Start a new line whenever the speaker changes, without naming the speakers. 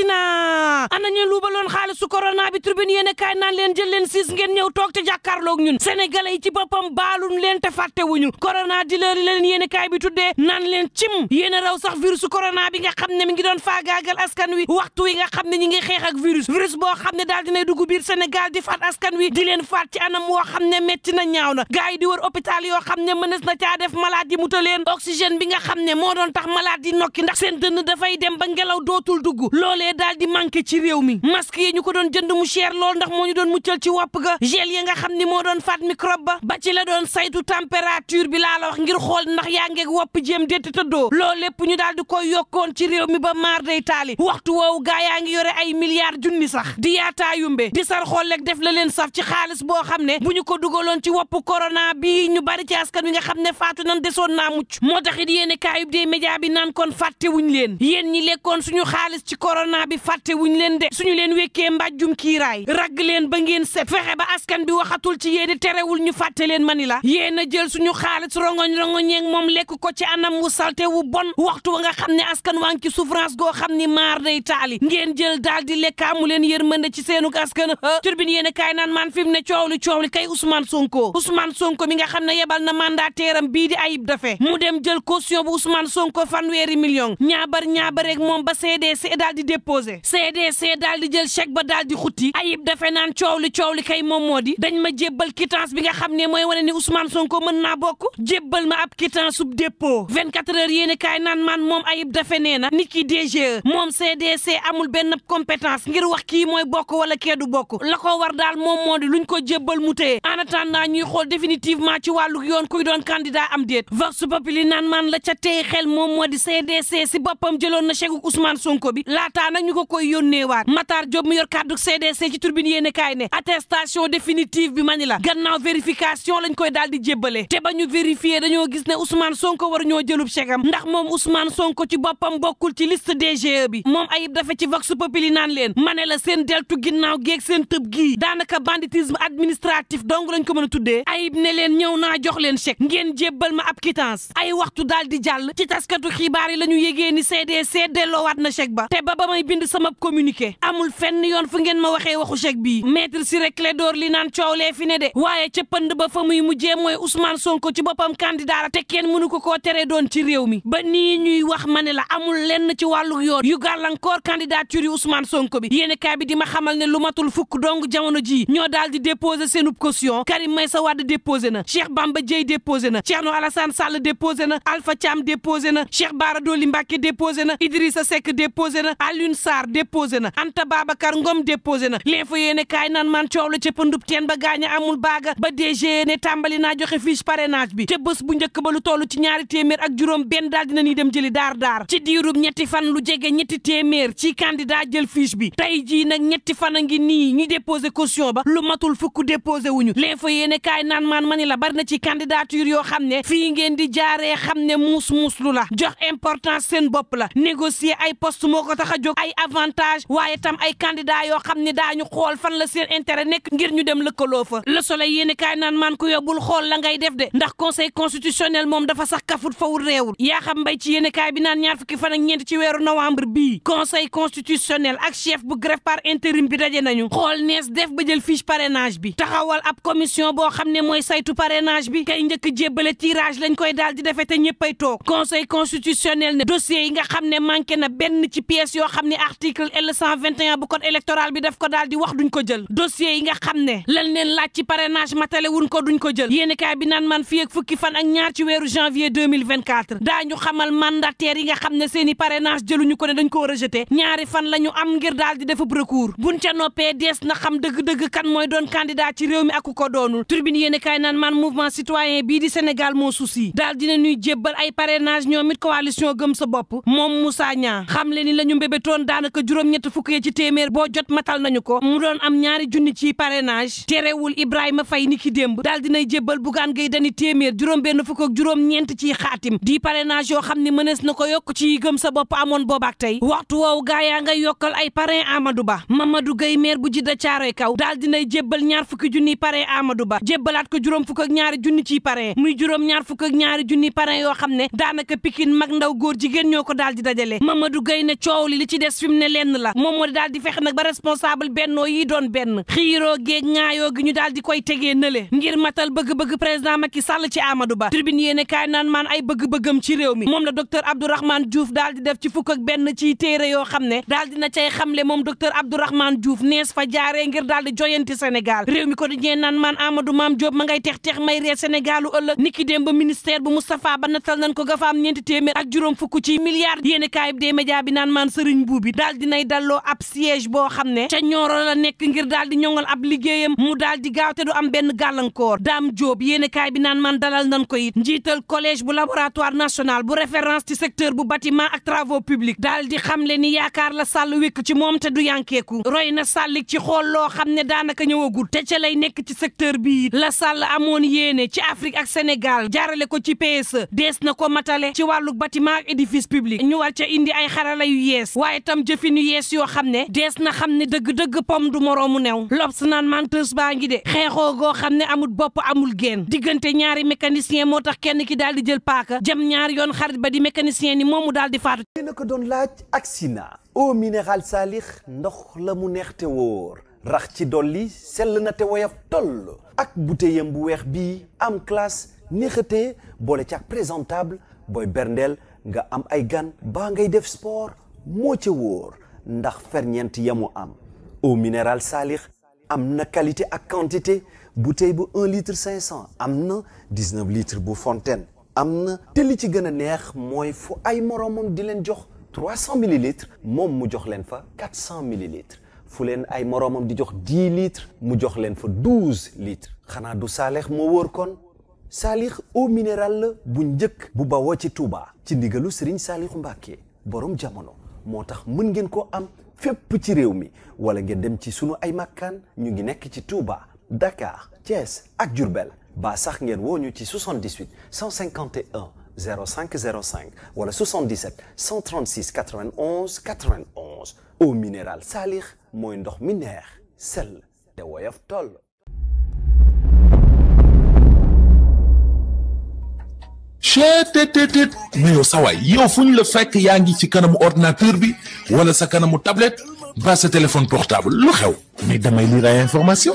tina ana ñu luubaloon xaalisu corona bi tribune yéen a kaay naan leen jël leen siis ngeen ñëw toog te jàkkaarloog ñun sénégalais yi ci boppam baalun leen te fàttewuñu corona di leeri leen yéen a kaay bi tuddee naan leen cim yéen a raw sax virus corona bi nga xam ne mi ngi doon faagaagal askan wi waxtu wi nga xam ne ñi ngi xeex ak virus virus boo xam ne daal dinay dugu biir sénégal di faat askan wi di leen faat ci anam woo xam ne metti na ñaaw na gars yi di wër hôpital yoo xam ne mënees na caa def malade yi mu taleen bi nga xam ne moo doon tax malade yi nokki seen dënn dafay dem ba ngelaw dootul dugg yooyee daal di manqué ci réew mi masque yi ñu ko doon jënd mu cher lool ndax moo ñu doon muccal ci wàpp ga gel nga xam ni moo doon faat microbe ba ba la doon saytu température bi laa la wax ngir xool ndax yaa ngeeg wopp jéem déet tëddoo loo lépp ñu daal di koy yokkoon ci réew mi ba maar day taali waxtu woowu ga yaa ngi yore ay milliards junni sax di yaataa yumbe di sar xool rek def la leen saf ci xaalis boo xam ne bu ñu ko dugaloon ci wopp corona bi ñu bari ci askan wi nga xam ne faatu nan desoon naa mucc moo it yéene kaayub dee média bi naan kon fàttewuñ leen yéen ñi lekkoon suñu xaalis ci corona gouvernement bi leen de suñu leen wekkee mbàjjum kiiraay ragg leen ba ngeen set fexe ba askan bi waxatul ci yéen terewul ñu fàtte leen mani la yéen a jël suñu xaalis rongoñ rongoñeeg moom lekk ko ci anam wu salte wu bon waxtu nga xam ne askan waa ngi ci souffrance goo xam ni maar day taali ngeen jël daal di lekkaamu leen yërmande ci seenug askan turbine yéen a kaay naan man fi mu ne coow li coow li kay Ousmane Sonko Ousmane Sonko mi nga xam ne yebal na mandataire am bii di Ayib Daffé mu dem jël ko caution bu Ousmane Sonko fan fanweeri million ñaabar ñaabareeg moom ba CDC daal di dépp déposé CDC daal di jël chèque ba daal di xutti ayib dafe naan coow li kay moom moo di dañ ma jébbal quittance bi nga xam ne mooy wane ni Ousmane Sonko mën naa bokk jébbal ma ab quittance sub dépôt 24 heures yéeni kaay naan man moom ayib dafe nee na ni ki DGE moom CDC amul benn compétence ngir wax kii mooy bokk wala keedu du bokk la war daal moom moo di luñ ko jébbal mu téye en attendant ñuy xool définitivement ci wàllu yoon kuy doon candidat am déet vox populi naan man la ca tey xel moom moo di CDC si boppam jëloon na chèque Ousmane Sonko bi lañu ko koy yónneewaat Matar Diop mi yor kàddu CDC ci turbine yéene kaay ne attestation définitive bi mani la gannaaw vérification lañ koy daal di jébbale te ba ñu vérifié dañoo gis ne Ousmane Sonko war ñoo jëlub chekam ndax moom Ousmane Sonko ci boppam bokkul ci liste DGE bi moom ayib dafa ci vox populi naan leen mane la seen deltu ginnaaw geeg seen tëb gii daanaka banditisme administratif dong lañ ko mën a tuddee ayib ne leen ñëw naa jox leen chèque ngeen jébbal ma ab quittance ay waxtu daal di jàll ci taskatu xibaar yi la ñu yégee ni CDC delloowaat na chèque ba te ba ba may bind sama communiqué amul fenn yoon fu ngeen ma waxee waxu chèque bii maître Ciré Clédor li naan coow lee fi ne de waaye ca pënd ba yi mu mujjee mooy usman Sonko ci boppam candidat la te kenn mënu ko koo teree doon ci réew mi ba nii ñuy wax ma ne la amul lenn ci wàllu yoon yu gàllankoor candidature yu Ousmane Sonko bi yéen kaay bi di ma xamal ne lu matul fukk dong jamono jii ñoo daal di déposé seenub caution may sa Wade déposé na Cheikh Bamba Dièye déposé na Thierno Alassane Sall déposé na Alpha Thiam déposé na Cheikh Bara Dolly Mbacké déposé na Idrissa Seck déposé na Alioune Sarr na Anta Babacar Ngom déposé na l'info yéene kaay naan man coow la ca pëndub teen ba gaañ amul baaga ba DG ne tàmbali naa joxe fiche parrainage bi te bés bu njëkk ba lu toll ci ñaari téeméer ak juróom benn daal dina ñuy dem jëli daar daar ci diirub ñetti fan lu jege ñetti téeméer ci candidat jël fiche bi tay jii nag ñetti fan a ngi nii ñi déposé caution ba lu matul fukk déposé wuñu l'info yéene kaay naan maan mani la bari na ci candidature yoo xam ne fii ngeen di jaaree xam ne muus muus lu la jox importance seen bopp la négocier ay poste moo ko tax a jóg ay avantage waaye tam ay candidat yoo xam ne daañu xool fan la seen intérêt nekk ngir ñu dem lëkkaloo fa le soleil yéeni kaay naan maan ko yóbbul xool la ngay def de ndax conseil constitutionnel moom dafa sax kafut fawul réewul yaa xam mbay ci yéeni kaay bi naan ñaar fukki fan ak ñeent ci weeru novembre bi conseil constitutionnel ak chef bu greffe par intérim bi daje nañu xool nees def ba jël fiche parrainage bi taxawal ab commission boo xam ne mooy saytu parrainage bi kay njëkk jébbale tirage lañ koy daal di defee te ñëppay toog conseil constitutionnel ne dossier yi nga xam ne manqué na benn ci pièce yoo xam ne article L 121 bu code électoral bi daf ko daal di wax duñ ko jël dossier yi nga xam ne lañ leen laaj ci parrainage matale wuñ ko duñ ko jël yéen kaay bi naan man fii ak fukki fan ak ñaar ci weeru janvier daañu xamal mandataire yi nga xam ne seen i parrainage jëluñu ko ne dañ koo rejeté ñaari fan la am ngir daal di def recours buñ ca na xam dëgg-dëgg kan mooy doon candidat ci réew mi ak ko doonul tribune yéen kaay naan man mouvement citoyen bii di Sénégal moo souci daal dina ñuy jébbal sa bopp moom Moussa Niang doon daanaka juróom-ñett fukk ya ci téeméer boo jot matal nañu ko mu doon am ñaari junni ci parrainage terewul Ibrahima fay ni ki démb daal dinay jébbal Bougane Gueye Dany téeméer juróom benn fukk ak juróom-ñeent ci xaatim di parrainage yoo xam ne mënees na ko yokk ci gëm sa bopp amoon boobaak tey waxtu woowu gaa yaa ngay yokkal ay parrain amadu Ba Mamadou gay meer bu jidda caaroy kaw daal dinay jébbal ñaar fukki junni parrain amadu Ba jébbalaat ko juróom fukk ak ñaari junni ci parrain muy juróom ñaar fukk ñaari junni parrain yoo xam ne daanaka Pikine mag ndaw góor jigéen ñoo ko daal di dajale Mamadou Gueye si fi mu ne lenn la moom moo di daal di fexe nag ba responsable bennoo yi doon benn xiiroo géeg ŋaayoo gi ñu daal di koy tegee nële ngir matal bëgg-bëgg président Macky Sall ci amadu Ba tribune yéene kaay naan maan ay bëgg-bëggam ci réew mi moom la docteur Abdourahmane Diouf daal di def ci fukk ak benn ci téere yoo xam ne daal dina cay le moom docteur Abdourahmane Diouf nees fa jaaree ngir daal di joyanti Sénégal réew mi ko di ñee naan maan Amadou Mame Diop ma ngay tex-tex may ree Sénégalu ëllëg niki dem ba ministère bu Moustapha Ba natal nañ ko gafaam ñeenti téeméer ak juróom fukk ci milliards yéene kaay média bi naan maan sëriñ buur Sow bi daal nay dalloo ab siège boo xam ne ca Nioro la nekk ngir daal di ñoŋal ab liggéeyam mu daal di gaaw te du am benn gàllankoor Dame Diop yéenekaay bi naan man dalal nañ koy njiital collège bu laboratoire national bu référence ci secteur bu bâtiment ak travaux publics daal di le ni yaakaar la sàll wékk ci moom te du yankeeku roy na sàllik ci xool loo xam ne daanaka ñëwagul te ca lay nekk ci secteur bi la sàll amoon yéene ci Afrique ak Sénégal jaarale ko ci PSE dees na ko matale ci wàllu bâtiment ak édifice public ñu war ca indi ay xarala yu yees waaye itam jëfin yu yoo xam ne dees na xam ne dëgg-dëgg pom du moroomu new lobs naan menteuse baa ngi de xeexoo goo xam ne amul bopp amul génn diggante ñaari mécanicien moo tax kenn ki daal di jël paaka jëm ñaari yoon xarit ba di mécanicien ni moomu daal di faatu ne ko doon laaj
Axina eau minérale saalix ndox la mu neex te wóor rax ci dolli sell na te woyof toll ak bouteillam bu weex bii am classe néexatee boole ca présentable booy berndeel nga am ay gan baa ngay def sport moo ca wóor ndax ferñeent yamu am eau minérale saalix am na qualité ak quantité bouteille bu 1 litre cent am na 19 litres bu fontaine am na te li ci gën a neex mooy fu ay moroomam di leen jox 300 millilitres moom mu jox leen fa 400 millilitres fu leen ay moromam di jox 10 litres mu jox leen fa 12 litres xanaa du saalix moo woor kon saalix eau minérale la bu njëkk bu bawoo ci Touba ci ndigalu Serigne Saalixu Mbàkke borom jamono moo tax mën ngeen ko am fépp ci réew mi wala ngeen dem ci sunu ay makkan ñu ngi nekk ci Touba Dakar Thiès ak Diourbel ba sax ngeen woo ñu ci 78 151 05 05 wala 77 136 91 91 eau minérale Salix mooy ndox mi neex sell te woyof toll. chetttt mais yow sawaay yow fu ñu la fekk yaa ngi ci kanamu ordinateur bi wala sa kanamu tablette ba sa téléphone portable lu xew mais damay lire ay information